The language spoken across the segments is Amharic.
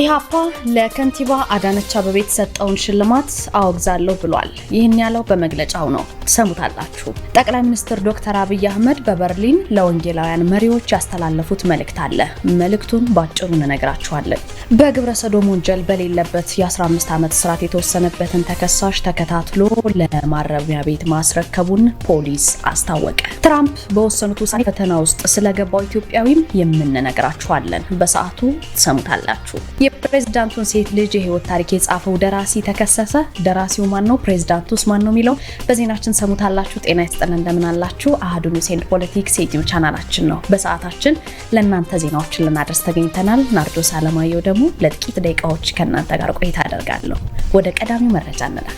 ኢህአፓ ለከንቲባ አዳነች አበቤ የተሰጠውን ሽልማት አወግዛለሁ ብሏል። ይህን ያለው በመግለጫው ነው፣ ትሰሙታላችሁ። ጠቅላይ ሚኒስትር ዶክተር አብይ አህመድ በበርሊን ለወንጌላውያን መሪዎች ያስተላለፉት መልእክት አለ። መልእክቱን ባጭሩ እንነግራችኋለን። በግብረ ሰዶም ወንጀል በሌለበት የ15 ዓመት እስራት የተወሰነበትን ተከሳሽ ተከታትሎ ለማረሚያ ቤት ማስረከቡን ፖሊስ አስታወቀ። ትራምፕ በወሰኑት ውሳኔ ፈተና ውስጥ ስለገባው ኢትዮጵያዊም የምንነግራችኋለን። በሰዓቱ ትሰሙታላችሁ። የፕሬዝዳንቱን ሴት ልጅ የህይወት ታሪክ የጻፈው ደራሲ ተከሰሰ። ደራሲው ማን ነው? ፕሬዝዳንቱስ ማን ነው የሚለው በዜናችን ሰሙታላችሁ። ጤና ይስጥን፣ እንደምናላችሁ። አህዱ ኒውስ ኤንድ ፖለቲክስ የዩቲዩብ ቻናላችን ነው። በሰዓታችን ለእናንተ ዜናዎችን ልናደርስ ተገኝተናል። ናርዶስ አለማየሁ ደግሞ ለጥቂት ደቂቃዎች ከእናንተ ጋር ቆይታ አደርጋለሁ። ወደ ቀዳሚው መረጃ እንላል።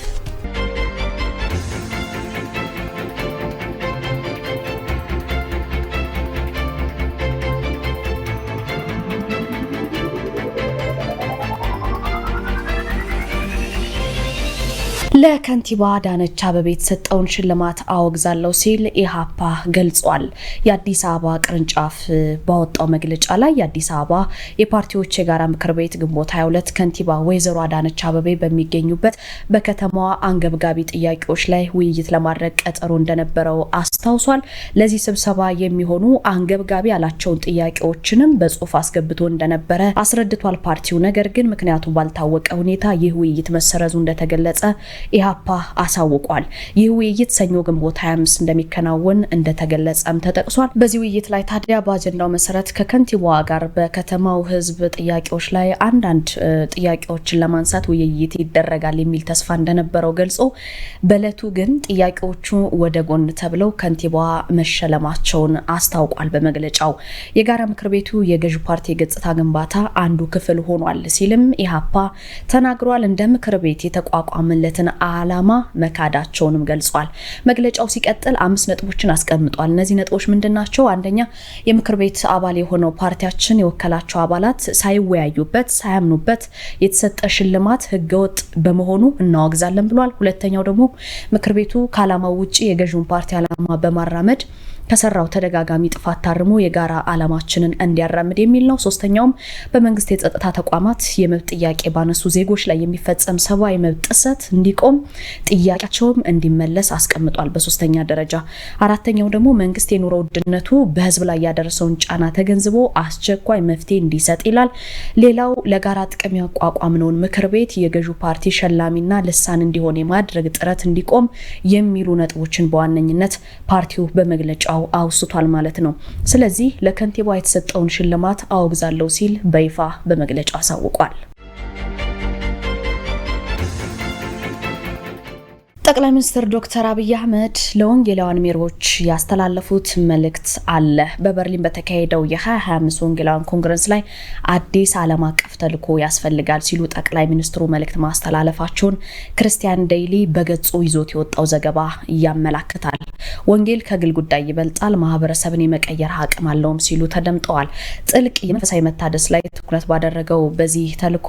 ለከንቲባ አዳነች አበቤ የተሰጠውን ሽልማት አወግዛለሁ ሲል ኢህአፓ ገልጿል። የአዲስ አበባ ቅርንጫፍ ባወጣው መግለጫ ላይ የአዲስ አበባ የፓርቲዎች የጋራ ምክር ቤት ግንቦት 22 ከንቲባ ወይዘሮ አዳነች አበቤ በሚገኙበት በከተማዋ አንገብጋቢ ጥያቄዎች ላይ ውይይት ለማድረግ ቀጠሮ እንደነበረው አስታውሷል። ለዚህ ስብሰባ የሚሆኑ አንገብጋቢ ያላቸውን ጥያቄዎችንም በጽሁፍ አስገብቶ እንደነበረ አስረድቷል ፓርቲው። ነገር ግን ምክንያቱ ባልታወቀ ሁኔታ ይህ ውይይት መሰረዙ እንደተገለጸ ኢህአፓ አሳውቋል። ይህ ውይይት ሰኞ ግንቦት 25 እንደሚከናወን እንደተገለጸም ተጠቅሷል። በዚህ ውይይት ላይ ታዲያ በአጀንዳው መሰረት ከከንቲባዋ ጋር በከተማው ህዝብ ጥያቄዎች ላይ አንዳንድ ጥያቄዎችን ለማንሳት ውይይት ይደረጋል የሚል ተስፋ እንደነበረው ገልጾ በእለቱ ግን ጥያቄዎቹ ወደ ጎን ተብለው ከንቲባዋ መሸለማቸውን አስታውቋል። በመግለጫው የጋራ ምክር ቤቱ የገዢ ፓርቲ የገጽታ ግንባታ አንዱ ክፍል ሆኗል ሲልም ኢህአፓ ተናግሯል። እንደ ምክር ቤት የተቋቋመለትን ዓላማ መካዳቸውንም ገልጿል። መግለጫው ሲቀጥል አምስት ነጥቦችን አስቀምጧል። እነዚህ ነጥቦች ምንድን ናቸው? አንደኛ የምክር ቤት አባል የሆነው ፓርቲያችን የወከላቸው አባላት ሳይወያዩበት፣ ሳያምኑበት የተሰጠ ሽልማት ህገወጥ በመሆኑ እናወግዛለን ብሏል። ሁለተኛው ደግሞ ምክር ቤቱ ከዓላማው ውጭ የገዥውን ፓርቲ ዓላማ በማራመድ ከሰራው ተደጋጋሚ ጥፋት ታርሞ የጋራ ዓላማችንን እንዲያራምድ የሚል ነው። ሶስተኛውም በመንግስት የጸጥታ ተቋማት የመብት ጥያቄ ባነሱ ዜጎች ላይ የሚፈጸም ሰብአዊ መብት ጥሰት እንዲቆም፣ ጥያቄያቸውም እንዲመለስ አስቀምጧል በሶስተኛ ደረጃ። አራተኛው ደግሞ መንግስት የኑሮ ውድነቱ በህዝብ ላይ ያደረሰውን ጫና ተገንዝቦ አስቸኳይ መፍትሄ እንዲሰጥ ይላል። ሌላው ለጋራ ጥቅም ያቋቋምነውን ምክር ቤት የገዢው ፓርቲ ሸላሚና ልሳን እንዲሆን የማድረግ ጥረት እንዲቆም የሚሉ ነጥቦችን በዋነኝነት ፓርቲው በመግለጫው መግለጫው አውስቷል ማለት ነው። ስለዚህ ለከንቲባ የተሰጠውን ሽልማት አወግዛለሁ ሲል በይፋ በመግለጫ አሳውቋል። ጠቅላይ ሚኒስትር ዶክተር አብይ አህመድ ለወንጌላውያን ሜሮች ያስተላለፉት መልእክት አለ። በበርሊን በተካሄደው የ2025 ወንጌላውያን ኮንግረስ ላይ አዲስ ዓለም አቀፍ ተልዕኮ ያስፈልጋል ሲሉ ጠቅላይ ሚኒስትሩ መልእክት ማስተላለፋቸውን ክርስቲያን ዴይሊ በገጹ ይዞት የወጣው ዘገባ ያመላክታል። ወንጌል ከግል ጉዳይ ይበልጣል፣ ማህበረሰብን የመቀየር አቅም አለውም ሲሉ ተደምጠዋል። ጥልቅ የመንፈሳዊ መታደስ ላይ ትኩረት ባደረገው በዚህ ተልዕኮ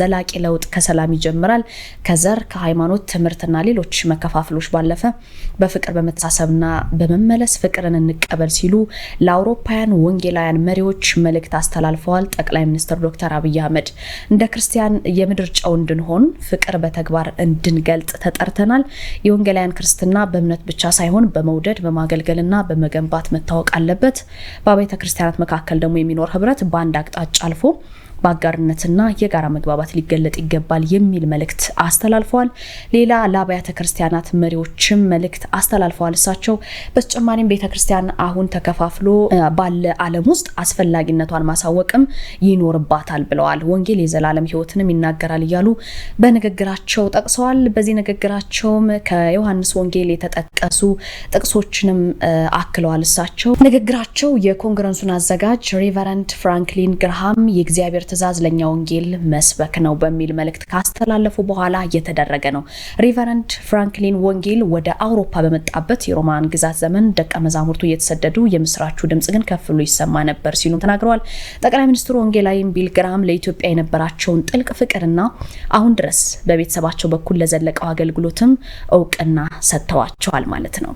ዘላቂ ለውጥ ከሰላም ይጀምራል፣ ከዘር ከሃይማኖት ትምህርትና ሌሎች ከሌሎች መከፋፍሎች ባለፈ በፍቅር በመተሳሰብና በመመለስ ፍቅርን እንቀበል ሲሉ ለአውሮፓውያን ወንጌላውያን መሪዎች መልእክት አስተላልፈዋል። ጠቅላይ ሚኒስትር ዶክተር አብይ አህመድ እንደ ክርስቲያን የምድር ጨው እንድንሆን ፍቅር በተግባር እንድንገልጥ ተጠርተናል። የወንጌላውያን ክርስትና በእምነት ብቻ ሳይሆን በመውደድ በማገልገልና በመገንባት መታወቅ አለበት። በቤተ ክርስቲያናት መካከል ደግሞ የሚኖር ህብረት በአንድ አቅጣጫ አልፎ በአጋርነትና የጋራ መግባባት ሊገለጥ ይገባል የሚል መልእክት አስተላልፈዋል። ሌላ ለአብያተ ክርስቲያናት መሪዎችም መልእክት አስተላልፈዋል። እሳቸው በተጨማሪም ቤተ ክርስቲያን አሁን ተከፋፍሎ ባለ ዓለም ውስጥ አስፈላጊነቷን ማሳወቅም ይኖርባታል ብለዋል። ወንጌል የዘላለም ሕይወትንም ይናገራል እያሉ በንግግራቸው ጠቅሰዋል። በዚህ ንግግራቸውም ከዮሐንስ ወንጌል የተጠቀሱ ጥቅሶችንም አክለዋል። እሳቸው ንግግራቸው የኮንግረሱን አዘጋጅ ሬቨረንድ ፍራንክሊን ግርሃም የእግዚአብሔር የእግዚአብሔር ትእዛዝ ለእኛ ወንጌል መስበክ ነው በሚል መልእክት ካስተላለፉ በኋላ እየተደረገ ነው። ሪቨረንድ ፍራንክሊን ወንጌል ወደ አውሮፓ በመጣበት የሮማን ግዛት ዘመን ደቀ መዛሙርቱ እየተሰደዱ የምስራቹ ድምጽ ግን ከፍ ብሎ ይሰማ ነበር ሲሉ ተናግረዋል። ጠቅላይ ሚኒስትሩ ወንጌላዊም ቢል ግራም ለኢትዮጵያ የነበራቸውን ጥልቅ ፍቅርና አሁን ድረስ በቤተሰባቸው በኩል ለዘለቀው አገልግሎትም እውቅና ሰጥተዋቸዋል ማለት ነው።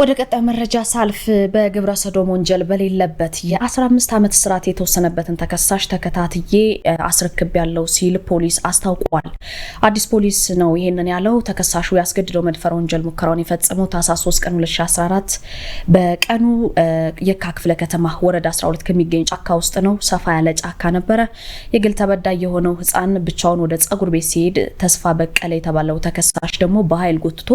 ወደ ቀጣይ መረጃ ሳልፍ በግብረ ሰዶም ወንጀል በሌለበት የ15 ዓመት ስርዓት የተወሰነበትን ተከሳሽ ተከታትዬ አስረክብ ያለው ሲል ፖሊስ አስታውቋል። አዲስ ፖሊስ ነው ይህንን ያለው። ተከሳሹ ያስገድደው መድፈር ወንጀል ሙከራውን የፈጸመው ታህሳስ 3 ቀን 2014 በቀኑ የካ ክፍለ ከተማ ወረዳ 12 ከሚገኝ ጫካ ውስጥ ነው። ሰፋ ያለ ጫካ ነበረ። የግል ተበዳይ የሆነው ህፃን ብቻውን ወደ ጸጉር ቤት ሲሄድ ተስፋ በቀለ የተባለው ተከሳሽ ደግሞ በኃይል ጎትቶ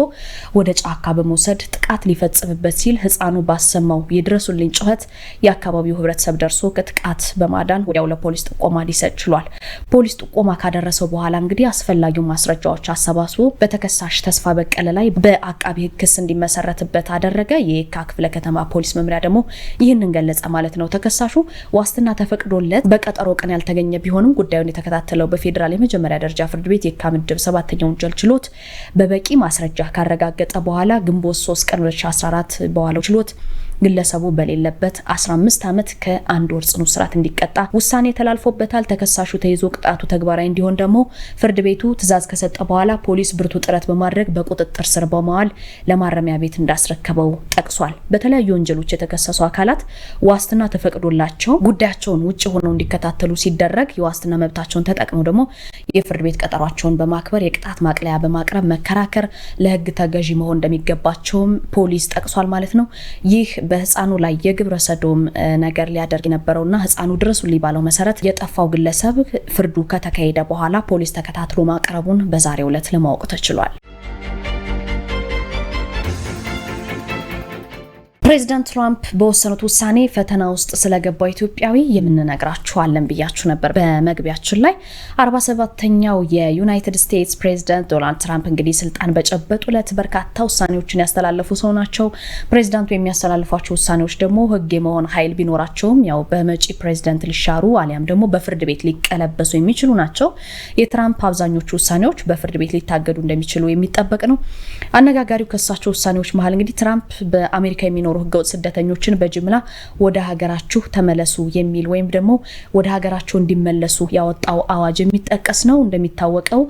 ወደ ጫካ በመውሰድ ጥቃት ሊፈ ሊፈጽምበት ሲል ህፃኑ ባሰማው የድረሱልኝ ጩኸት የአካባቢው ህብረተሰብ ደርሶ ከጥቃት በማዳን ወዲያው ለፖሊስ ጥቆማ ሊሰጥ ችሏል። ፖሊስ ጥቆማ ካደረሰው በኋላ እንግዲህ አስፈላጊው ማስረጃዎች አሰባስቦ በተከሳሽ ተስፋ በቀለ ላይ በአቃቢ ህግ ክስ እንዲመሰረትበት አደረገ። የየካ ክፍለ ከተማ ፖሊስ መምሪያ ደግሞ ይህንን ገለጸ ማለት ነው። ተከሳሹ ዋስትና ተፈቅዶለት በቀጠሮ ቀን ያልተገኘ ቢሆንም ጉዳዩን የተከታተለው በፌዴራል የመጀመሪያ ደረጃ ፍርድ ቤት የካ ምድብ ሰባተኛ ወንጀል ችሎት በበቂ ማስረጃ ካረጋገጠ በኋላ ግንቦት 3 ቀን 2014 በዋለው ችሎት ግለሰቡ በሌለበት 15 ዓመት ከአንድ ወር ጽኑ እስራት እንዲቀጣ ውሳኔ ተላልፎበታል። ተከሳሹ ተይዞ ቅጣቱ ተግባራዊ እንዲሆን ደግሞ ፍርድ ቤቱ ትዕዛዝ ከሰጠ በኋላ ፖሊስ ብርቱ ጥረት በማድረግ በቁጥጥር ስር በመዋል ለማረሚያ ቤት እንዳስረከበው ጠቅሷል። በተለያዩ ወንጀሎች የተከሰሱ አካላት ዋስትና ተፈቅዶላቸው ጉዳያቸውን ውጭ ሆነው እንዲከታተሉ ሲደረግ የዋስትና መብታቸውን ተጠቅመው ደግሞ የፍርድ ቤት ቀጠሯቸውን በማክበር የቅጣት ማቅለያ በማቅረብ መከራከር፣ ለህግ ተገዢ መሆን እንደሚገባቸውም ፖሊስ ጠቅሷል ማለት ነው ይህ በህፃኑ ላይ የግብረ ሰዶም ነገር ሊያደርግ የነበረውና ህፃኑ ድረሱ ሊባለው መሰረት የጠፋው ግለሰብ ፍርዱ ከተካሄደ በኋላ ፖሊስ ተከታትሎ ማቅረቡን በዛሬው ዕለት ለማወቅ ተችሏል። ፕሬዚዳንት ትራምፕ በወሰኑት ውሳኔ ፈተና ውስጥ ስለገባ ኢትዮጵያዊ የምንነግራችኋለን ብያችሁ ነበር በመግቢያችን ላይ። 47ተኛው የዩናይትድ ስቴትስ ፕሬዚዳንት ዶናልድ ትራምፕ እንግዲህ ስልጣን በጨበጡ ዕለት በርካታ ውሳኔዎችን ያስተላለፉ ሰው ናቸው። ፕሬዚዳንቱ የሚያስተላልፏቸው ውሳኔዎች ደግሞ ህግ የመሆን ኃይል ቢኖራቸውም ያው በመጪ ፕሬዚደንት ሊሻሩ አሊያም ደግሞ በፍርድ ቤት ሊቀለበሱ የሚችሉ ናቸው። የትራምፕ አብዛኞቹ ውሳኔዎች በፍርድ ቤት ሊታገዱ እንደሚችሉ የሚጠበቅ ነው። አነጋጋሪው ከሳቸው ውሳኔዎች መሀል እንግዲህ ትራምፕ በአሜሪካ የሚኖ የሚኖሩ ህገወጥ ስደተኞችን በጅምላ ወደ ሀገራችሁ ተመለሱ የሚል ወይም ደግሞ ወደ ሀገራቸው እንዲመለሱ ያወጣው አዋጅ የሚጠቀስ ነው። እንደሚታወቀው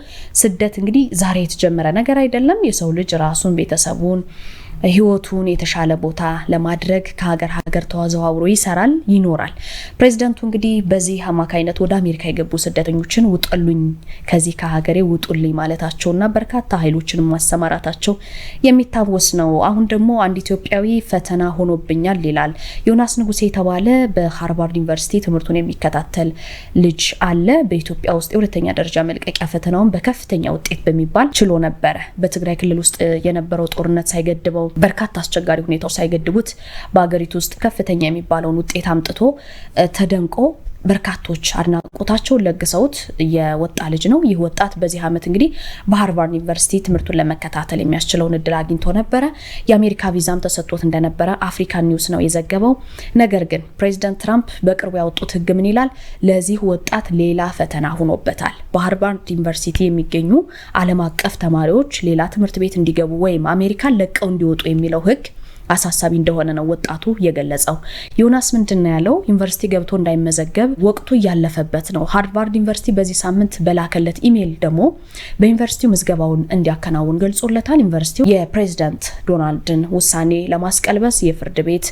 ስደት እንግዲህ ዛሬ የተጀመረ ነገር አይደለም። የሰው ልጅ ራሱን ቤተሰቡን ህይወቱን የተሻለ ቦታ ለማድረግ ከሀገር ሀገር ተዘዋውሮ ይሰራል ይኖራል። ፕሬዚደንቱ እንግዲህ በዚህ አማካይነት ወደ አሜሪካ የገቡ ስደተኞችን ውጡልኝ፣ ከዚህ ከሀገሬ ውጡልኝ ማለታቸውና በርካታ ኃይሎችን ማሰማራታቸው የሚታወስ ነው። አሁን ደግሞ አንድ ኢትዮጵያዊ ፈተና ሆኖብኛል ይላል። ዮናስ ንጉሴ የተባለ በሃርቫርድ ዩኒቨርሲቲ ትምህርቱን የሚከታተል ልጅ አለ። በኢትዮጵያ ውስጥ የሁለተኛ ደረጃ መልቀቂያ ፈተናውን በከፍተኛ ውጤት በሚባል ችሎ ነበረ። በትግራይ ክልል ውስጥ የነበረው ጦርነት ሳይገድበው በርካታ አስቸጋሪ ሁኔታዎች ሳይገድቡት በሀገሪቱ ውስጥ ከፍተኛ የሚባለውን ውጤት አምጥቶ ተደንቆ በርካቶች አድናቆታቸውን ለግሰውት የወጣ ልጅ ነው። ይህ ወጣት በዚህ ዓመት እንግዲህ በሃርቫርድ ዩኒቨርሲቲ ትምህርቱን ለመከታተል የሚያስችለውን እድል አግኝቶ ነበረ። የአሜሪካ ቪዛም ተሰጥቶት እንደነበረ አፍሪካን ኒውስ ነው የዘገበው። ነገር ግን ፕሬዚደንት ትራምፕ በቅርቡ ያወጡት ህግ ምን ይላል? ለዚህ ወጣት ሌላ ፈተና ሆኖበታል። በሃርቫርድ ዩኒቨርሲቲ የሚገኙ ዓለም አቀፍ ተማሪዎች ሌላ ትምህርት ቤት እንዲገቡ ወይም አሜሪካን ለቀው እንዲወጡ የሚለው ህግ አሳሳቢ እንደሆነ ነው ወጣቱ የገለጸው። ዮናስ ምንድን ነው ያለው? ዩኒቨርሲቲ ገብቶ እንዳይመዘገብ ወቅቱ እያለፈበት ነው። ሃርቫርድ ዩኒቨርሲቲ በዚህ ሳምንት በላከለት ኢሜይል ደግሞ በዩኒቨርሲቲው ምዝገባውን እንዲያከናውን ገልጾለታል። ዩኒቨርሲቲው የፕሬዚዳንት ዶናልድን ውሳኔ ለማስቀልበስ የፍርድ ቤት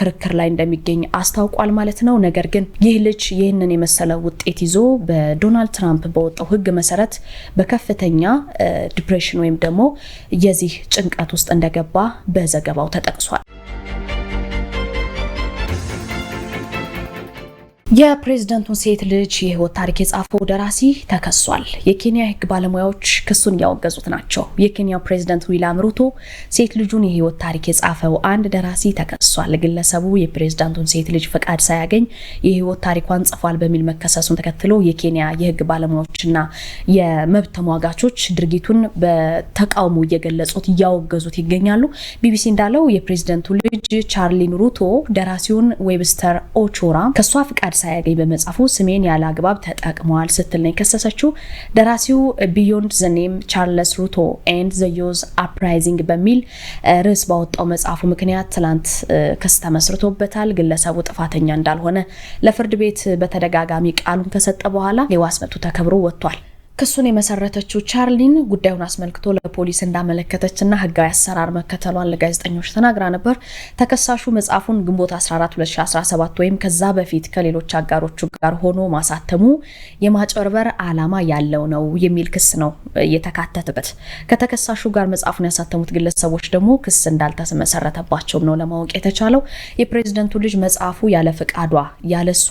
ክርክር ላይ እንደሚገኝ አስታውቋል ማለት ነው። ነገር ግን ይህ ልጅ ይህንን የመሰለ ውጤት ይዞ በዶናልድ ትራምፕ በወጣው ህግ መሰረት በከፍተኛ ዲፕሬሽን ወይም ደግሞ የዚህ ጭንቀት ውስጥ እንደገባ በዘገባው ተጠቅሷል። የፕሬዝደንቱን ሴት ልጅ የህይወት ታሪክ የጻፈው ደራሲ ተከሷል። የኬንያ የህግ ባለሙያዎች ክሱን እያወገዙት ናቸው። የኬንያው ፕሬዝደንት ዊልያም ሩቶ ሴት ልጁን የህይወት ታሪክ የጻፈው አንድ ደራሲ ተከሷል። ግለሰቡ የፕሬዝደንቱን ሴት ልጅ ፈቃድ ሳያገኝ የህይወት ታሪኳን ጽፏል በሚል መከሰሱን ተከትሎ የኬንያ የህግ ባለሙያዎችና የመብት ተሟጋቾች ድርጊቱን በተቃውሞ እየገለጹት እያወገዙት ይገኛሉ። ቢቢሲ እንዳለው የፕሬዝደንቱ ልጅ ቻርሊን ሩቶ ደራሲውን ዌብስተር ኦቾራ ከሷ ፍቃድ ሳያገኝ በመጻፉ ስሜን ያለ አግባብ ተጠቅመዋል ስትል ነው የከሰሰችው። ደራሲው ቢዮንድ ዘኔም ቻርለስ ሩቶ ኤንድ ዘ ዮዝ አፕራይዚንግ በሚል ርዕስ ባወጣው መጽሐፉ ምክንያት ትላንት ክስ ተመስርቶበታል። ግለሰቡ ጥፋተኛ እንዳልሆነ ለፍርድ ቤት በተደጋጋሚ ቃሉን ከሰጠ በኋላ የዋስ መብቱ ተከብሮ ወጥቷል። ክሱን የመሰረተችው ቻርሊን ጉዳዩን አስመልክቶ ለፖሊስ እንዳመለከተችና ህጋዊ አሰራር መከተሏን ለጋዜጠኞች ተናግራ ነበር። ተከሳሹ መጽሐፉን ግንቦት 14 2017 ወይም ከዛ በፊት ከሌሎች አጋሮቹ ጋር ሆኖ ማሳተሙ የማጭበርበር ዓላማ ያለው ነው የሚል ክስ ነው የተካተተበት። ከተከሳሹ ጋር መጽሐፉን ያሳተሙት ግለሰቦች ደግሞ ክስ እንዳልተመሰረተባቸውም ነው ለማወቅ የተቻለው። የፕሬዝደንቱ ልጅ መጽሐፉ ያለ ፍቃዷ ያለሷ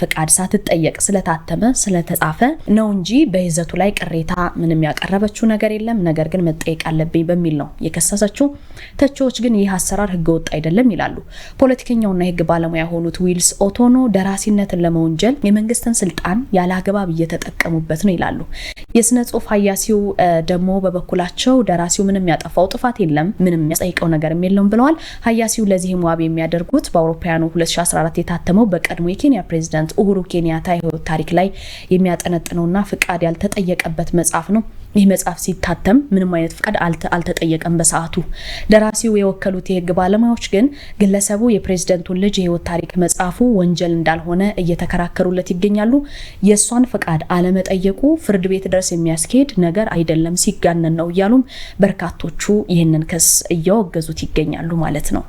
ፍቃድ ሳትጠየቅ ስለታተመ ስለተጻፈ ነው እንጂ በይዘ በይዘቱ ላይ ቅሬታ ምንም ያቀረበችው ነገር የለም፣ ነገር ግን መጠየቅ አለብኝ በሚል ነው የከሰሰችው። ተቺዎች ግን ይህ አሰራር ህገወጥ አይደለም ይላሉ። ፖለቲከኛውና የህግ ባለሙያ የሆኑት ዊልስ ኦቶኖ ደራሲነትን ለመወንጀል የመንግስትን ስልጣን ያለ አግባብ እየተጠቀሙበት ነው ይላሉ። የስነ ጽሁፍ ሀያሲው ደግሞ በበኩላቸው ደራሲው ምንም ያጠፋው ጥፋት የለም፣ ምንም የሚያስጠይቀው ነገርም የለውም ብለዋል። ሀያሲው ለዚህም ዋቢ የሚያደርጉት በአውሮፓውያኑ 2014 የታተመው በቀድሞ የኬንያ ፕሬዚደንት ኡሁሩ ኬንያታ የህይወት ታሪክ ላይ የሚያጠነጥነውና ፍቃድ ያልተጠ የተጠየቀበት መጽሐፍ ነው። ይህ መጽሐፍ ሲታተም ምንም አይነት ፍቃድ አልተጠየቀም በሰዓቱ። ደራሲው የወከሉት የህግ ባለሙያዎች ግን ግለሰቡ የፕሬዝደንቱን ልጅ የህይወት ታሪክ መጽሐፉ ወንጀል እንዳልሆነ እየተከራከሩለት ይገኛሉ። የእሷን ፍቃድ አለመጠየቁ ፍርድ ቤት ድረስ የሚያስኬድ ነገር አይደለም፣ ሲጋነን ነው እያሉም በርካቶቹ ይህንን ክስ እያወገዙት ይገኛሉ ማለት ነው።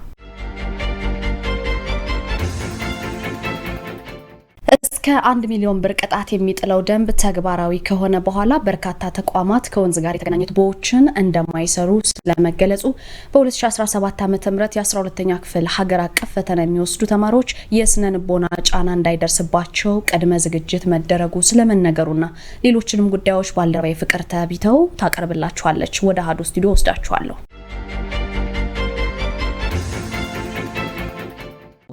እስከ አንድ ሚሊዮን ብር ቅጣት የሚጥለው ደንብ ተግባራዊ ከሆነ በኋላ በርካታ ተቋማት ከወንዝ ጋር የተገናኙ ቱቦዎችን እንደማይሰሩ ስለመገለጹ በ2017 ዓ ም የ12ኛ ክፍል ሀገር አቀፍ ፈተና የሚወስዱ ተማሪዎች የስነ ልቦና ጫና እንዳይደርስባቸው ቅድመ ዝግጅት መደረጉ ስለመነገሩና ሌሎችንም ጉዳዮች ባልደረባይ ፍቅር ተቢተው ታቀርብላችኋለች። ወደ አሀዱ ስቱዲዮ ወስዳችኋለሁ።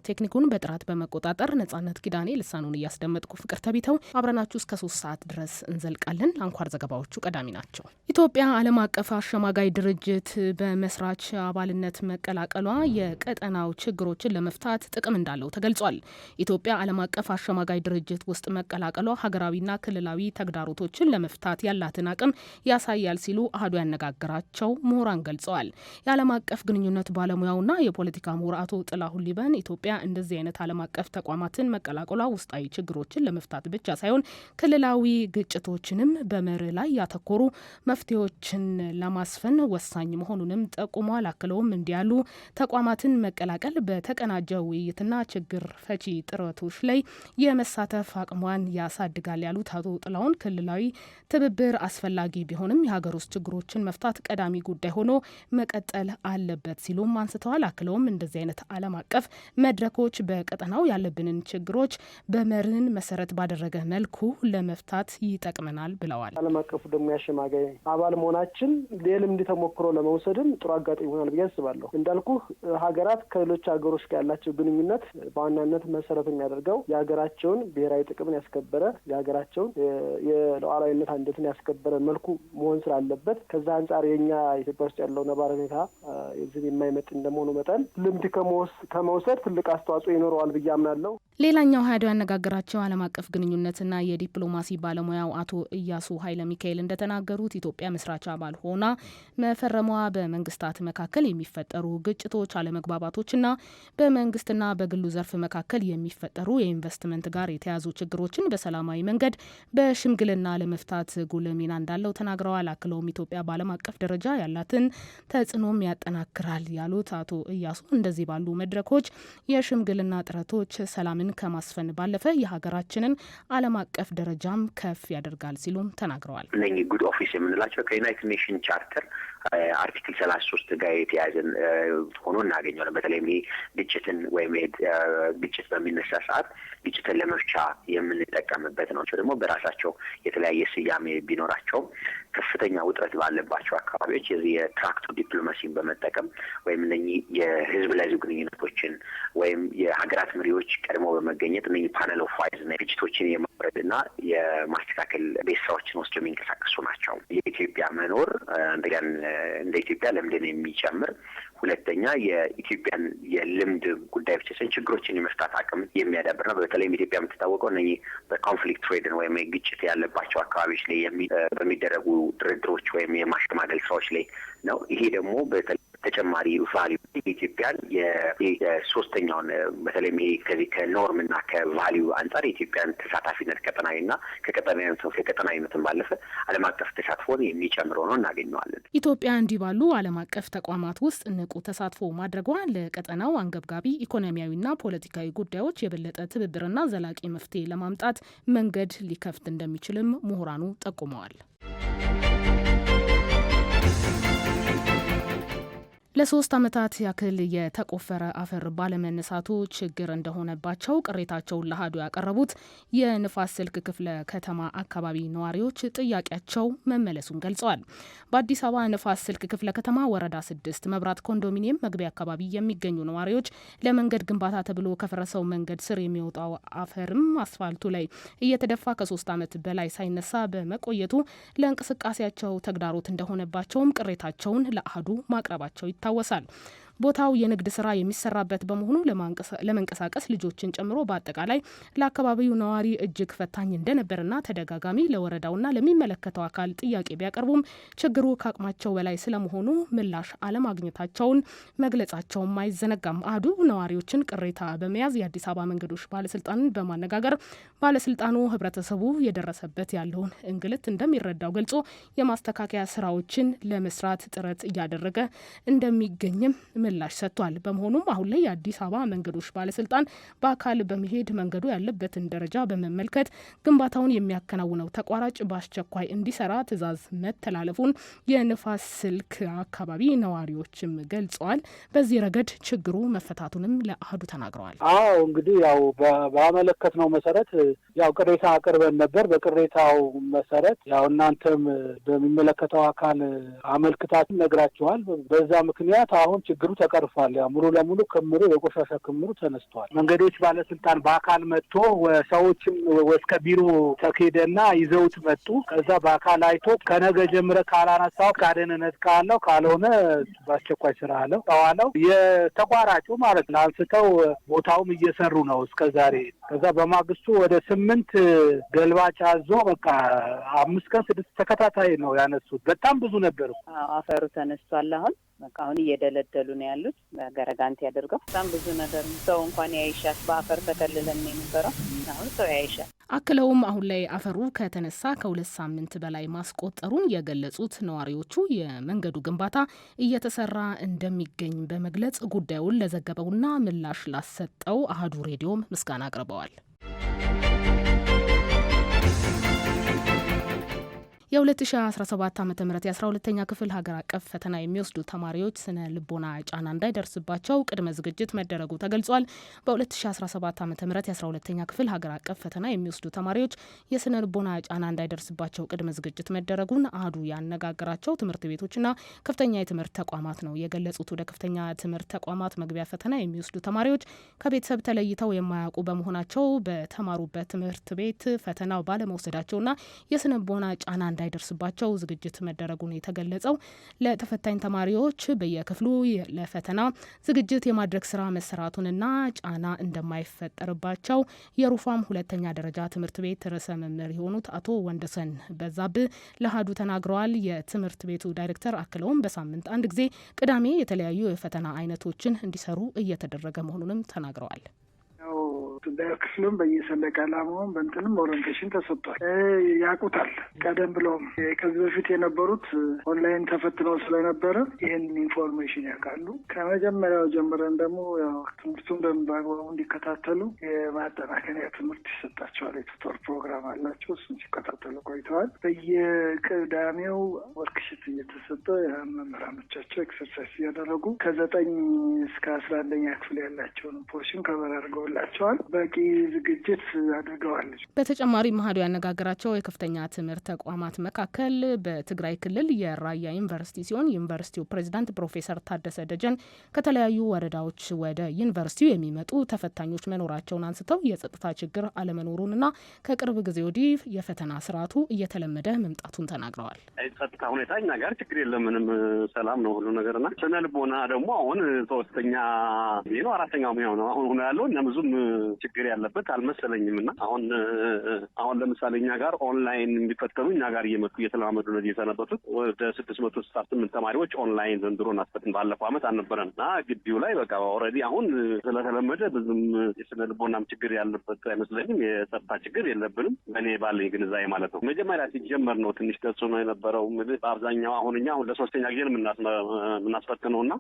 ቴክኒኩን በጥራት በመቆጣጠር ነጻነት ኪዳኔ ልሳኑን እያስደመጥኩ ፍቅር ተቢተው አብረናችሁ እስከ ሶስት ሰዓት ድረስ እንዘልቃለን። አንኳር ዘገባዎቹ ቀዳሚ ናቸው። ኢትዮጵያ ዓለም አቀፍ አሸማጋይ ድርጅት በመስራች አባልነት መቀላቀሏ የቀጠናው ችግሮችን ለመፍታት ጥቅም እንዳለው ተገልጿል። ኢትዮጵያ ዓለም አቀፍ አሸማጋይ ድርጅት ውስጥ መቀላቀሏ ሀገራዊና ክልላዊ ተግዳሮቶችን ለመፍታት ያላትን አቅም ያሳያል ሲሉ አህዱ ያነጋገራቸው ምሁራን ገልጸዋል። የዓለም አቀፍ ግንኙነት ባለሙያውና የፖለቲካ ምሁር አቶ ጥላሁን ሊበን ኢትዮጵያ እንደዚህ አይነት ዓለም አቀፍ ተቋማትን መቀላቀሏ ውስጣዊ ችግሮችን ለመፍታት ብቻ ሳይሆን ክልላዊ ግጭቶችንም በመርህ ላይ ያተኮሩ መፍትሄዎችን ለማስፈን ወሳኝ መሆኑንም ጠቁሟል። አክለውም እንዲያሉ ተቋማትን መቀላቀል በተቀናጀ ውይይትና ችግር ፈቺ ጥረቶች ላይ የመሳተፍ አቅሟን ያሳድጋል ያሉት አቶ ጥላሁን ክልላዊ ትብብር አስፈላጊ ቢሆንም የሀገር ውስጥ ችግሮችን መፍታት ቀዳሚ ጉዳይ ሆኖ መቀጠል አለበት ሲሉም አንስተዋል። አክለውም እንደዚህ አይነት ዓለም አቀፍ መድረ መድረኮች በቀጠናው ያለብንን ችግሮች በመርህን መሰረት ባደረገ መልኩ ለመፍታት ይጠቅመናል ብለዋል። ዓለም አቀፉ ደግሞ ያሸማጋይ አባል መሆናችን የልምድ ተሞክሮ ለመውሰድም ጥሩ አጋጣሚ ይሆናል ብዬ አስባለሁ። እንዳልኩ ሀገራት ከሌሎች ሀገሮች ጋር ያላቸው ግንኙነት በዋናነት መሰረት የሚያደርገው የሀገራቸውን ብሔራዊ ጥቅምን ያስከበረ የሀገራቸውን የሉዓላዊነት አንድነትን ያስከበረ መልኩ መሆን ስላለበት ከዛ አንጻር የኛ ኢትዮጵያ ውስጥ ያለው ነባር ሁኔታ የዚህ የማይመጥ እንደመሆኑ መጠን ልምድ ከመውሰድ ትልቅ አስተዋጽኦ ይኖረዋል ብዬ አምናለሁ። ሌላኛው ሀያዶ ያነጋገራቸው ዓለም አቀፍ ግንኙነትና የዲፕሎማሲ ባለሙያው አቶ እያሱ ኃይለ ሚካኤል እንደተናገሩት ኢትዮጵያ መስራች አባል ሆና መፈረሟ በመንግስታት መካከል የሚፈጠሩ ግጭቶች፣ አለመግባባቶችና በመንግስትና በግሉ ዘርፍ መካከል የሚፈጠሩ የኢንቨስትመንት ጋር የተያዙ ችግሮችን በሰላማዊ መንገድ በሽምግልና ለመፍታት ጉልህ ሚና እንዳለው ተናግረዋል። አክለውም ኢትዮጵያ በዓለም አቀፍ ደረጃ ያላትን ተጽዕኖም ያጠናክራል ያሉት አቶ እያሱ እንደዚህ ባሉ መድረኮች የሽምግልና ጥረቶች ሰላምን ከማስፈን ባለፈ የሀገራችንን ዓለም አቀፍ ደረጃም ከፍ ያደርጋል ሲሉም ተናግረዋል። እነኚህ ጉድ ኦፊስ የምንላቸው ከዩናይትድ ኔሽን ቻርተር አርቲክል ሰላሳ ሶስት ጋር የተያዘን ሆኖ እናገኘዋለን። በተለይም ይሄ ግጭትን ወይም ግጭት በሚነሳ ሰዓት ግጭትን ለመፍቻ የምንጠቀምበት ናቸው። ደግሞ በራሳቸው የተለያየ ስያሜ ቢኖራቸውም ከፍተኛ ውጥረት ባለባቸው አካባቢዎች የዚህ የትራክቱ ዲፕሎማሲን በመጠቀም ወይም እነኚህ የህዝብ ለህዝብ ግንኙነቶችን ወይም የሀገራት መሪዎች ቀድሞ በመገኘት እነ ፓነል ኦፍ ዋይዝ እና ግጭቶችን የማውረድ እና የማስተካከል ቤት ስራዎችን ወስደው የሚንቀሳቀሱ ናቸው። የኢትዮጵያ መኖር እንደገና እንደ ኢትዮጵያ ልምድን የሚጨምር ሁለተኛ የኢትዮጵያን የልምድ ጉዳይ ብቻ ሳይሆን ችግሮችን የመፍታት አቅም የሚያዳብር ነው። በተለይም ኢትዮጵያ የምትታወቀው እነ በኮንፍሊክት ትሬድን ወይም ግጭት ያለባቸው አካባቢዎች ላይ በሚደረጉ ድርድሮች ወይም የማሸማገል ስራዎች ላይ ነው። ይሄ ደግሞ በተለይ ተጨማሪ ቫሊዩ የኢትዮጵያን የሶስተኛውን በተለይም ይሄ ከዚህ ከኖርም እና ከቫሊዩ አንጻር የኢትዮጵያን ተሳታፊነት ቀጠናዊ እና ከቀጠናዊነት ከቀጠናዊነትን ባለፈ ዓለም አቀፍ ተሳትፎን የሚጨምር ሆኖ እናገኘዋለን። ኢትዮጵያ እንዲህ ባሉ ዓለም አቀፍ ተቋማት ውስጥ ንቁ ተሳትፎ ማድረጓ ለቀጠናው አንገብጋቢ ኢኮኖሚያዊና ፖለቲካዊ ጉዳዮች የበለጠ ትብብርና ዘላቂ መፍትሄ ለማምጣት መንገድ ሊከፍት እንደሚችልም ምሁራኑ ጠቁመዋል። ለሶስት ዓመታት ያክል የተቆፈረ አፈር ባለመነሳቱ ችግር እንደሆነባቸው ቅሬታቸውን ለአሀዱ ያቀረቡት የንፋስ ስልክ ክፍለ ከተማ አካባቢ ነዋሪዎች ጥያቄያቸው መመለሱን ገልጸዋል። በአዲስ አበባ ንፋስ ስልክ ክፍለ ከተማ ወረዳ ስድስት መብራት ኮንዶሚኒየም መግቢያ አካባቢ የሚገኙ ነዋሪዎች ለመንገድ ግንባታ ተብሎ ከፈረሰው መንገድ ስር የሚወጣው አፈርም አስፋልቱ ላይ እየተደፋ ከሶስት ዓመት በላይ ሳይነሳ በመቆየቱ ለእንቅስቃሴያቸው ተግዳሮት እንደሆነባቸውም ቅሬታቸውን ለአሀዱ ማቅረባቸው ይታወሳል። ቦታው የንግድ ስራ የሚሰራበት በመሆኑ ለመንቀሳቀስ ልጆችን ጨምሮ በአጠቃላይ ለአካባቢው ነዋሪ እጅግ ፈታኝ እንደነበርና ተደጋጋሚ ለወረዳውና ለሚመለከተው አካል ጥያቄ ቢያቀርቡም ችግሩ ከአቅማቸው በላይ ስለመሆኑ ምላሽ አለማግኘታቸውን መግለጻቸውም አይዘነጋም። አህዱ ነዋሪዎችን ቅሬታ በመያዝ የአዲስ አበባ መንገዶች ባለስልጣንን በማነጋገር ባለስልጣኑ ህብረተሰቡ የደረሰበት ያለውን እንግልት እንደሚረዳው ገልጾ የማስተካከያ ስራዎችን ለመስራት ጥረት እያደረገ እንደሚገኝም ምላሽ ሰጥቷል። በመሆኑም አሁን ላይ የአዲስ አበባ መንገዶች ባለስልጣን በአካል በመሄድ መንገዱ ያለበትን ደረጃ በመመልከት ግንባታውን የሚያከናውነው ተቋራጭ በአስቸኳይ እንዲሰራ ትዕዛዝ መተላለፉን የንፋስ ስልክ አካባቢ ነዋሪዎችም ገልጸዋል። በዚህ ረገድ ችግሩ መፈታቱንም ለአህዱ ተናግረዋል። አዎ እንግዲህ ያው ባመለከት ነው መሰረት ያው ቅሬታ አቅርበን ነበር። በቅሬታው መሰረት ያው እናንተም በሚመለከተው አካል አመልክታችን ነግራችኋል። በዛ ምክንያት አሁን ችግሩ ተቀርፏል። ያ ሙሉ ለሙሉ ክምሩ የቆሻሻ ክምሩ ተነስቷል። መንገዶች ባለስልጣን በአካል መጥቶ ሰዎችም እስከ ቢሮ ተኬደና ይዘውት መጡ። ከዛ በአካል አይቶ ከነገ ጀምረ ካላነሳው ካደንነት ካለው ካልሆነ በአስቸኳይ ስራ አለው ጠዋለው የተቋራጩ ማለት ነው አንስተው ቦታውም እየሰሩ ነው እስከ ዛሬ ከዛ በማግስቱ ወደ ስምንት ገልባጭ አዞ በቃ አምስት ቀን ስድስት ተከታታይ ነው ያነሱት። በጣም ብዙ ነበሩ። አፈሩ ተነስቷል። አሁን በቃ አሁን እየደለደሉ ነው ያሉት ገረጋንቲ ያደርገው በጣም ብዙ ነገር ሰው እንኳን ያይሻት በአፈር ተከልለን የነበረው። አሁን ሰው ያይሻል። አክለውም አሁን ላይ አፈሩ ከተነሳ ከሁለት ሳምንት በላይ ማስቆጠሩን የገለጹት ነዋሪዎቹ የመንገዱ ግንባታ እየተሰራ እንደሚገኝ በመግለጽ ጉዳዩን ለዘገበውና ምላሽ ላሰጠው አህዱ ሬዲዮም ምስጋና አቅርበዋል። አሳስበዋል። የ2017 ዓ ም የ12ኛ ክፍል ሀገር አቀፍ ፈተና የሚወስዱ ተማሪዎች ስነ ልቦና ጫና እንዳይደርስባቸው ቅድመ ዝግጅት መደረጉ ተገልጿል። በ2017 ዓ ም የ12ኛ ክፍል ሀገር አቀፍ ፈተና የሚወስዱ ተማሪዎች የስነ ልቦና ጫና እንዳይደርስባቸው ቅድመ ዝግጅት መደረጉን አህዱ ያነጋገራቸው ትምህርት ቤቶችና ከፍተኛ የትምህርት ተቋማት ነው የገለጹት። ወደ ከፍተኛ ትምህርት ተቋማት መግቢያ ፈተና የሚወስዱ ተማሪዎች ከቤተሰብ ተለይተው የማያውቁ በመሆናቸው በተማሩበት ትምህርት ቤት ፈተናው ባለመውሰዳቸውና የስነ ልቦና ጫና እንዳይደርስባቸው ዝግጅት መደረጉን የተገለጸው ለተፈታኝ ተማሪዎች በየክፍሉ ለፈተና ዝግጅት የማድረግ ስራ መሰራቱንና ጫና እንደማይፈጠርባቸው የሩፋም ሁለተኛ ደረጃ ትምህርት ቤት ርዕሰ መምህር የሆኑት አቶ ወንደሰን በዛብ ለአሀዱ ተናግረዋል። የትምህርት ቤቱ ዳይሬክተር አክለውም በሳምንት አንድ ጊዜ ቅዳሜ የተለያዩ የፈተና አይነቶችን እንዲሰሩ እየተደረገ መሆኑንም ተናግረዋል። ነው። በክፍልም በየሰንደቅ ዓላማውም በእንትንም ኦሪንቴሽን ተሰጥቷል። ያውቁታል። ቀደም ብለውም ከዚህ በፊት የነበሩት ኦንላይን ተፈትነው ስለነበረ ይህንን ኢንፎርሜሽን ያውቃሉ። ከመጀመሪያው ጀምረን ደግሞ ትምህርቱን በአግባቡ እንዲከታተሉ የማጠናከሪያ ትምህርት ይሰጣቸዋል። የቱቶር ፕሮግራም አላቸው። እሱን ሲከታተሉ ቆይተዋል። በየቅዳሜው ወርክሽት እየተሰጠ መምህራኖቻቸው ኤክሰርሳይዝ እያደረጉ ከዘጠኝ እስከ አስራ አንደኛ ክፍል ያላቸውን ፖርሽን ከበር አድርገው ይደረግላቸዋል። በቂ ዝግጅት አድርገዋለች። በተጨማሪ መሀዱ ያነጋገራቸው የከፍተኛ ትምህርት ተቋማት መካከል በትግራይ ክልል የራያ ዩኒቨርሲቲ ሲሆን ዩኒቨርሲቲው ፕሬዚዳንት ፕሮፌሰር ታደሰ ደጀን ከተለያዩ ወረዳዎች ወደ ዩኒቨርሲቲው የሚመጡ ተፈታኞች መኖራቸውን አንስተው የጸጥታ ችግር አለመኖሩንና ከቅርብ ጊዜ ወዲህ የፈተና ስርዓቱ እየተለመደ መምጣቱን ተናግረዋል። ጸጥታ ሁኔታ እኛ ጋር ችግር የለም፣ ምንም ሰላም ነው ሁሉ ነገርና ስነ ልቦና ደግሞ አሁን ሶስተኛ ነው አራተኛው ሚሆን ነው አሁን ሆኖ ያለው እኛም ብዙ ብዙም ችግር ያለበት አልመሰለኝም። እና አሁን አሁን ለምሳሌ እኛ ጋር ኦንላይን የሚፈተኑ እኛ ጋር እየመጡ እየተለማመዱ ነው የሰነበቱት። ወደ ስድስት መቶ ስልሳ ስምንት ተማሪዎች ኦንላይን ዘንድሮ እናስፈትን ባለፈው ዓመት አልነበረን እና ግቢው ላይ በቃ ኦልሬዲ አሁን ስለተለመደ ብዙም የስነ ልቦናም ችግር ያለበት አይመስለኝም። የጸጥታ ችግር የለብንም በእኔ ባለኝ ግንዛቤ ማለት ነው። መጀመሪያ ሲጀመር ነው ትንሽ ተጽዕኖ የነበረው። በአብዛኛው አሁን እኛ አሁን ለሶስተኛ ጊዜ የምናስፈትነው እና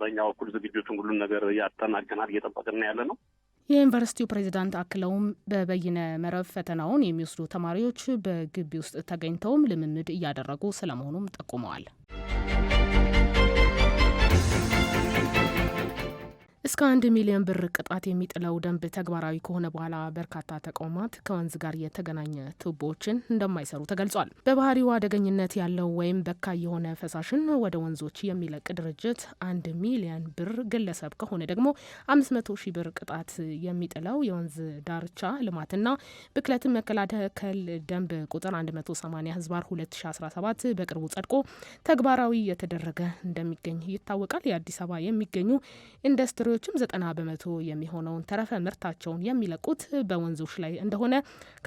በእኛ በኩል ዝግጅቱን ሁሉን ነገር ያጠናቀናል እየጠበቅና ያለ ነው። የዩኒቨርሲቲው ፕሬዚዳንት አክለውም በበይነ መረብ ፈተናውን የሚወስዱ ተማሪዎች በግቢ ውስጥ ተገኝተውም ልምምድ እያደረጉ ስለመሆኑም ጠቁመዋል። እስከ አንድ ሚሊዮን ብር ቅጣት የሚጥለው ደንብ ተግባራዊ ከሆነ በኋላ በርካታ ተቋማት ከወንዝ ጋር የተገናኘ ቱቦዎችን እንደማይሰሩ ተገልጿል። በባህሪው አደገኝነት ያለው ወይም በካይ የሆነ ፈሳሽን ወደ ወንዞች የሚለቅ ድርጅት አንድ ሚሊዮን ብር፣ ግለሰብ ከሆነ ደግሞ አምስት መቶ ሺህ ብር ቅጣት የሚጥለው የወንዝ ዳርቻ ልማትና ብክለትን መከላከል ደንብ ቁጥር 180 ህዝባር 2017 በቅርቡ ጸድቆ ተግባራዊ እየተደረገ እንደሚገኝ ይታወቃል። የአዲስ አበባ የሚገኙ ኢንዱስትሪዎች አምራቾችም ዘጠና በመቶ የሚሆነውን ተረፈ ምርታቸውን የሚለቁት በወንዞች ላይ እንደሆነ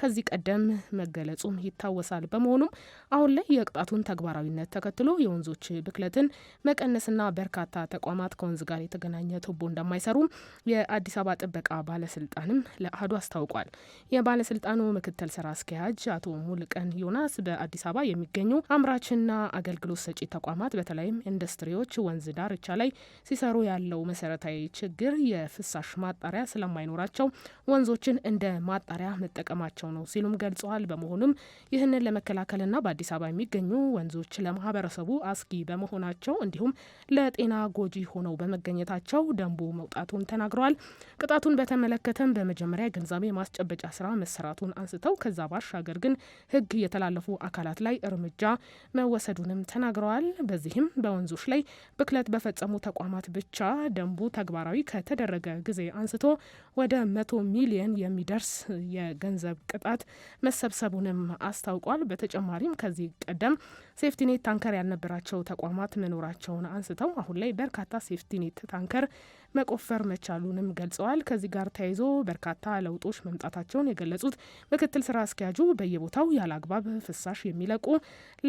ከዚህ ቀደም መገለጹም ይታወሳል። በመሆኑም አሁን ላይ የቅጣቱን ተግባራዊነት ተከትሎ የወንዞች ብክለትን መቀነስና በርካታ ተቋማት ከወንዝ ጋር የተገናኘ ቱቦ እንደማይሰሩም የአዲስ አበባ ጥበቃ ባለስልጣንም ለአህዱ አስታውቋል። የባለስልጣኑ ምክትል ስራ አስኪያጅ አቶ ሙልቀን ዮናስ በአዲስ አበባ የሚገኙ አምራችና አገልግሎት ሰጪ ተቋማት በተለይም ኢንዱስትሪዎች ወንዝ ዳርቻ ላይ ሲሰሩ ያለው መሰረታዊ ችግር የፍሳሽ ማጣሪያ ስለማይኖራቸው ወንዞችን እንደ ማጣሪያ መጠቀማቸው ነው ሲሉም ገልጸዋል። በመሆኑም ይህንን ለመከላከልና በአዲስ አበባ የሚገኙ ወንዞች ለማህበረሰቡ አስጊ በመሆናቸው እንዲሁም ለጤና ጎጂ ሆነው በመገኘታቸው ደንቡ መውጣቱን ተናግረዋል። ቅጣቱን በተመለከተም በመጀመሪያ ግንዛቤ ማስጨበጫ ስራ መሰራቱን አንስተው ከዛ ባሻገር ግን ህግ የተላለፉ አካላት ላይ እርምጃ መወሰዱንም ተናግረዋል። በዚህም በወንዞች ላይ ብክለት በፈጸሙ ተቋማት ብቻ ደንቡ ተግባራ ተግባራዊ ከተደረገ ጊዜ አንስቶ ወደ መቶ ሚሊየን የሚደርስ የገንዘብ ቅጣት መሰብሰቡንም አስታውቋል። በተጨማሪም ከዚህ ቀደም ሴፍቲኔት ታንከር ያልነበራቸው ተቋማት መኖራቸውን አንስተው አሁን ላይ በርካታ ሴፍቲኔት ታንከር መቆፈር መቻሉንም ገልጸዋል። ከዚህ ጋር ተያይዞ በርካታ ለውጦች መምጣታቸውን የገለጹት ምክትል ስራ አስኪያጁ በየቦታው ያለአግባብ ፍሳሽ የሚለቁ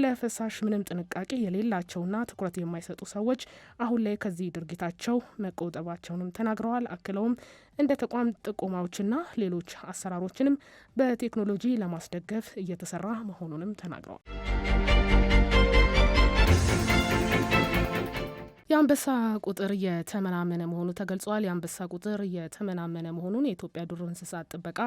ለፍሳሽ ምንም ጥንቃቄ የሌላቸውና ትኩረት የማይሰጡ ሰዎች አሁን ላይ ከዚህ ድርጊታቸው መቆጠባቸውንም ተናግረዋል። አክለውም እንደ ተቋም ጥቆማዎችና ሌሎች አሰራሮችንም በቴክኖሎጂ ለማስደገፍ እየተሰራ መሆኑንም ተናግረዋል። የአንበሳ ቁጥር እየተመናመነ መሆኑ ተገልጿል። የአንበሳ ቁጥር እየተመናመነ መሆኑን የኢትዮጵያ ዱር እንስሳት ጥበቃ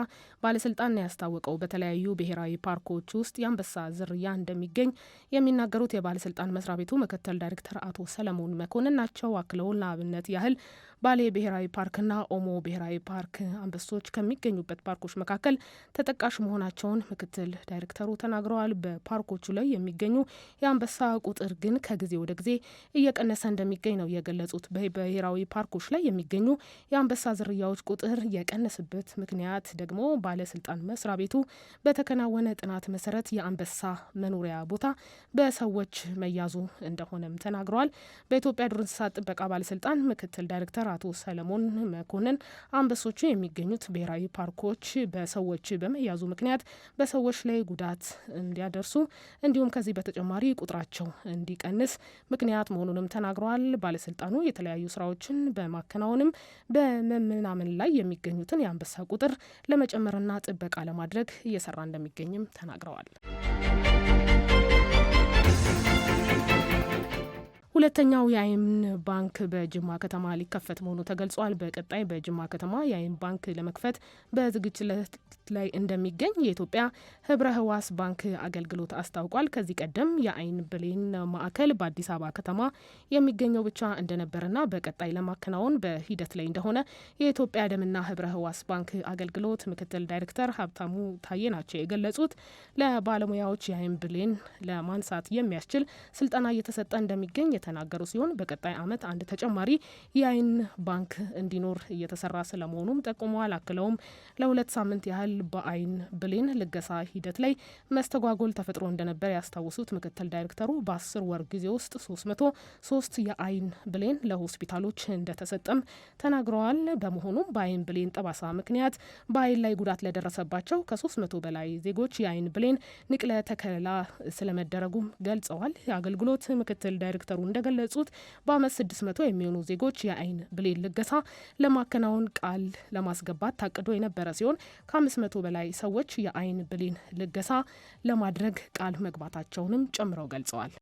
ባለስልጣን ያስታወቀው በተለያዩ ብሔራዊ ፓርኮች ውስጥ የአንበሳ ዝርያ እንደሚገኝ የሚናገሩት የባለስልጣን መስሪያ ቤቱ ምክትል ዳይሬክተር አቶ ሰለሞን መኮንን ናቸው። አክለውን ለአብነት ያህል ባሌ ብሔራዊ ፓርክና ኦሞ ብሔራዊ ፓርክ አንበሶች ከሚገኙበት ፓርኮች መካከል ተጠቃሽ መሆናቸውን ምክትል ዳይሬክተሩ ተናግረዋል። በፓርኮቹ ላይ የሚገኙ የአንበሳ ቁጥር ግን ከጊዜ ወደ ጊዜ እየቀነሰ እንደሚ እንደሚገኝ ነው የገለጹት። በብሔራዊ ፓርኮች ላይ የሚገኙ የአንበሳ ዝርያዎች ቁጥር የቀነስበት ምክንያት ደግሞ ባለስልጣን መስሪያ ቤቱ በተከናወነ ጥናት መሰረት የአንበሳ መኖሪያ ቦታ በሰዎች መያዙ እንደሆነም ተናግረዋል። በኢትዮጵያ ዱር እንስሳት ጥበቃ ባለስልጣን ምክትል ዳይሬክተር አቶ ሰለሞን መኮንን አንበሶቹ የሚገኙት ብሔራዊ ፓርኮች በሰዎች በመያዙ ምክንያት በሰዎች ላይ ጉዳት እንዲያደርሱ እንዲሁም ከዚህ በተጨማሪ ቁጥራቸው እንዲቀንስ ምክንያት መሆኑንም ተናግረዋል። ባለስልጣኑ የተለያዩ ስራዎችን በማከናወንም በመምናምን ላይ የሚገኙትን የአንበሳ ቁጥር ለመጨመርና ጥበቃ ለማድረግ እየሰራ እንደሚገኝም ተናግረዋል። ሁለተኛው የአይን ባንክ በጅማ ከተማ ሊከፈት መሆኑ ተገልጿል። በቀጣይ በጅማ ከተማ የአይን ባንክ ለመክፈት በዝግጅት ላይ እንደሚገኝ የኢትዮጵያ ህብረ ህዋስ ባንክ አገልግሎት አስታውቋል። ከዚህ ቀደም የአይን ብሌን ማዕከል በአዲስ አበባ ከተማ የሚገኘው ብቻ እንደነበረና በቀጣይ ለማከናወን በሂደት ላይ እንደሆነ የኢትዮጵያ ደምና ህብረ ህዋስ ባንክ አገልግሎት ምክትል ዳይሬክተር ሀብታሙ ታዬ ናቸው የገለጹት። ለባለሙያዎች የአይን ብሌን ለማንሳት የሚያስችል ስልጠና እየተሰጠ እንደሚገኝ የተናገሩ ሲሆን በቀጣይ አመት አንድ ተጨማሪ የአይን ባንክ እንዲኖር እየተሰራ ስለመሆኑም ጠቁመዋል። አክለውም ለሁለት ሳምንት ያህል የቃል በአይን ብሌን ልገሳ ሂደት ላይ መስተጓጎል ተፈጥሮ እንደነበር ያስታወሱት ምክትል ዳይሬክተሩ በአስር ወር ጊዜ ውስጥ ሶስት መቶ ሶስት የአይን ብሌን ለሆስፒታሎች እንደተሰጠም ተናግረዋል። በመሆኑም በአይን ብሌን ጠባሳ ምክንያት በአይን ላይ ጉዳት ለደረሰባቸው ከሶስት መቶ በላይ ዜጎች የአይን ብሌን ንቅለ ተከላ ስለመደረጉም ገልጸዋል። የአገልግሎት ምክትል ዳይሬክተሩ እንደገለጹት በአመት ስድስት መቶ የሚሆኑ ዜጎች የአይን ብሌን ልገሳ ለማከናወን ቃል ለማስገባት ታቅዶ የነበረ ሲሆን ከአምስት መቶ በላይ ሰዎች የአይን ብሌን ልገሳ ለማድረግ ቃል መግባታቸውንም ጨምረው ገልጸዋል።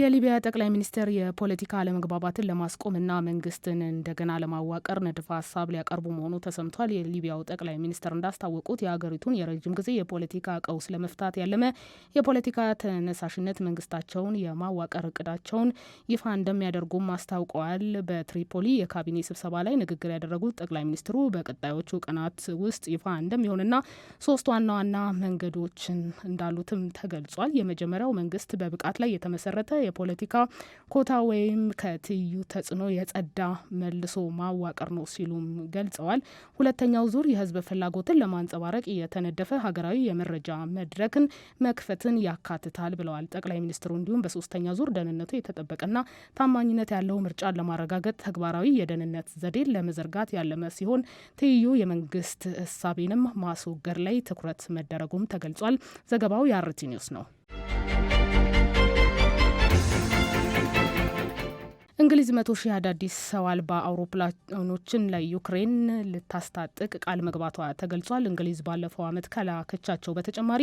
የሊቢያ ጠቅላይ ሚኒስትር የፖለቲካ አለመግባባትን ለማስቆምና መንግስትን እንደገና ለማዋቀር ንድፈ ሀሳብ ሊያቀርቡ መሆኑ ተሰምቷል። የሊቢያው ጠቅላይ ሚኒስትር እንዳስታወቁት የሀገሪቱን የረጅም ጊዜ የፖለቲካ ቀውስ ለመፍታት ያለመ የፖለቲካ ተነሳሽነት መንግስታቸውን የማዋቀር እቅዳቸውን ይፋ እንደሚያደርጉም አስታውቀዋል። በትሪፖሊ የካቢኔ ስብሰባ ላይ ንግግር ያደረጉት ጠቅላይ ሚኒስትሩ በቀጣዮቹ ቀናት ውስጥ ይፋ እንደሚሆንና ሶስት ዋና ዋና መንገዶችን እንዳሉትም ተገልጿል። የመጀመሪያው መንግስት በብቃት ላይ የተመሰረተ የፖለቲካ ኮታ ወይም ከትይዩ ተጽዕኖ የጸዳ መልሶ ማዋቀር ነው ሲሉም ገልጸዋል። ሁለተኛው ዙር የህዝብ ፍላጎትን ለማንጸባረቅ የተነደፈ ሀገራዊ የመረጃ መድረክን መክፈትን ያካትታል ብለዋል ጠቅላይ ሚኒስትሩ። እንዲሁም በሶስተኛ ዙር ደህንነቱ የተጠበቀና ታማኝነት ያለው ምርጫን ለማረጋገጥ ተግባራዊ የደህንነት ዘዴን ለመዘርጋት ያለመ ሲሆን ትይዩ የመንግስት እሳቤንም ማስወገድ ላይ ትኩረት መደረጉም ተገልጿል። ዘገባው የአርቲ ኒውስ ነው። እንግሊዝ መቶ ሺህ አዳዲስ ሰው አልባ አውሮፕላኖችን ለዩክሬን ልታስታጥቅ ቃል መግባቷ ተገልጿል። እንግሊዝ ባለፈው ዓመት ከላከቻቸው በተጨማሪ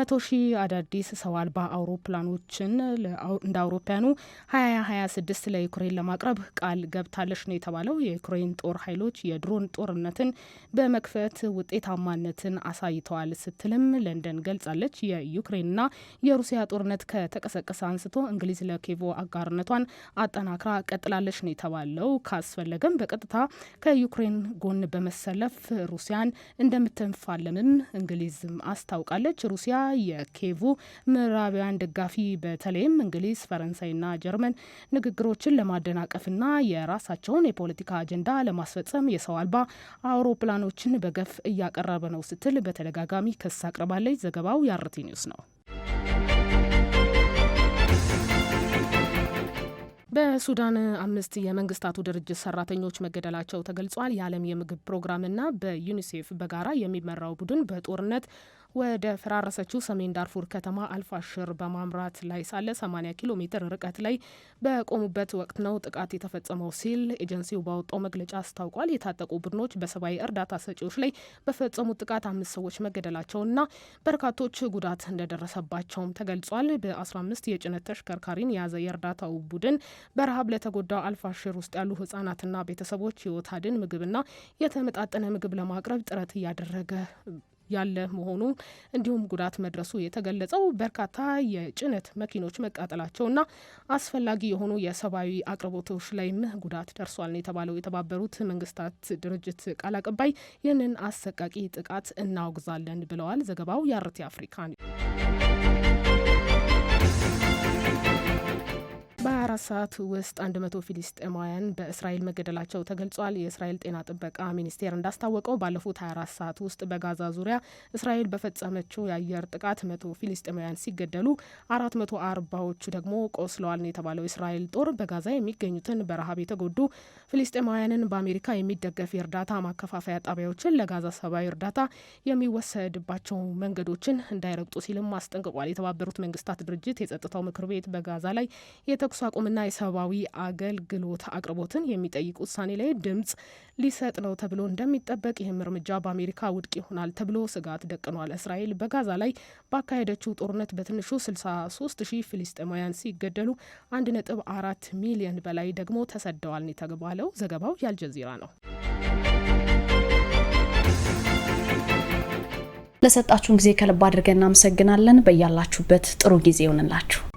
መቶ ሺህ አዳዲስ ሰው አልባ አውሮፕላኖችን እንደ አውሮፓያኑ ሀያ ሀያ ስድስት ለዩክሬን ለማቅረብ ቃል ገብታለች ነው የተባለው። የዩክሬን ጦር ኃይሎች የድሮን ጦርነትን በመክፈት ውጤታማነትን አሳይተዋል ስትልም ለንደን ገልጻለች። የዩክሬንና የሩሲያ ጦርነት ከተቀሰቀሰ አንስቶ እንግሊዝ ለኬቮ አጋርነቷን አጠናክራ ቀጥላለች ነው የተባለው። ካስፈለገም በቀጥታ ከዩክሬን ጎን በመሰለፍ ሩሲያን እንደምትፋለምም እንግሊዝም አስታውቃለች። ሩሲያ የኬቩ ምዕራባውያን ደጋፊ በተለይም እንግሊዝ፣ ፈረንሳይና ጀርመን ንግግሮችን ለማደናቀፍና የራሳቸውን የፖለቲካ አጀንዳ ለማስፈጸም የሰው አልባ አውሮፕላኖችን በገፍ እያቀረበ ነው ስትል በተደጋጋሚ ክስ አቅርባለች። ዘገባው የአርቲ ኒውስ ነው። በሱዳን አምስት የመንግስታቱ ድርጅት ሰራተኞች መገደላቸው ተገልጿል። የዓለም የምግብ ፕሮግራምና በዩኒሴፍ በጋራ የሚመራው ቡድን በጦርነት ወደ ፈራረሰችው ሰሜን ዳርፉር ከተማ አልፋሽር በማምራት ላይ ሳለ 80 ኪሎ ሜትር ርቀት ላይ በቆሙበት ወቅት ነው ጥቃት የተፈጸመው ሲል ኤጀንሲው ባወጣው መግለጫ አስታውቋል። የታጠቁ ቡድኖች በሰብአዊ እርዳታ ሰጪዎች ላይ በፈጸሙት ጥቃት አምስት ሰዎች መገደላቸውና በርካቶች ጉዳት እንደደረሰባቸውም ተገልጿል። በ15 የጭነት ተሽከርካሪን የያዘ የእርዳታው ቡድን በረሃብ ለተጎዳው አልፋሽር ውስጥ ያሉ ህጻናትና ቤተሰቦች ህይወት አድን ምግብና የተመጣጠነ ምግብ ለማቅረብ ጥረት እያደረገ ያለ መሆኑ እንዲሁም ጉዳት መድረሱ የተገለጸው በርካታ የጭነት መኪኖች መቃጠላቸውና አስፈላጊ የሆኑ የሰብአዊ አቅርቦቶች ላይም ጉዳት ደርሷል ነው የተባለው። የተባበሩት መንግስታት ድርጅት ቃል አቀባይ ይህንን አሰቃቂ ጥቃት እናወግዛለን ብለዋል። ዘገባው የአርቴ አፍሪካ ነው። በ24 ሰዓት ውስጥ 100 ፊሊስጤማውያን በእስራኤል መገደላቸው ተገልጿል። የእስራኤል ጤና ጥበቃ ሚኒስቴር እንዳስታወቀው ባለፉት 24 ሰዓት ውስጥ በጋዛ ዙሪያ እስራኤል በፈጸመችው የአየር ጥቃት መቶ ፊሊስጤማውያን ሲገደሉ አራት መቶ አርባዎቹ ደግሞ ቆስለዋል ነው የተባለው። የእስራኤል ጦር በጋዛ የሚገኙትን በረሀብ የተጎዱ ፊሊስጤማውያንን በአሜሪካ የሚደገፍ የእርዳታ ማከፋፈያ ጣቢያዎችን ለጋዛ ሰብአዊ እርዳታ የሚወሰድባቸው መንገዶችን እንዳይረግጡ ሲልም አስጠንቅቋል። የተባበሩት መንግስታት ድርጅት የጸጥታው ምክር ቤት በጋዛ ላይ የተኩስ የቁምና የሰብአዊ አገልግሎት አቅርቦትን የሚጠይቅ ውሳኔ ላይ ድምጽ ሊሰጥ ነው ተብሎ እንደሚጠበቅ ይህም እርምጃ በአሜሪካ ውድቅ ይሆናል ተብሎ ስጋት ደቅኗል። እስራኤል በጋዛ ላይ ባካሄደችው ጦርነት በትንሹ 63 ሺህ ፊሊስጤማውያን ሲገደሉ 1.4 ሚሊዮን በላይ ደግሞ ተሰደዋል የተባለው ዘገባው የአልጀዚራ ነው። ለሰጣችሁን ጊዜ ከልብ አድርገን እናመሰግናለን። በያላችሁበት ጥሩ ጊዜ ይሆንላችሁ።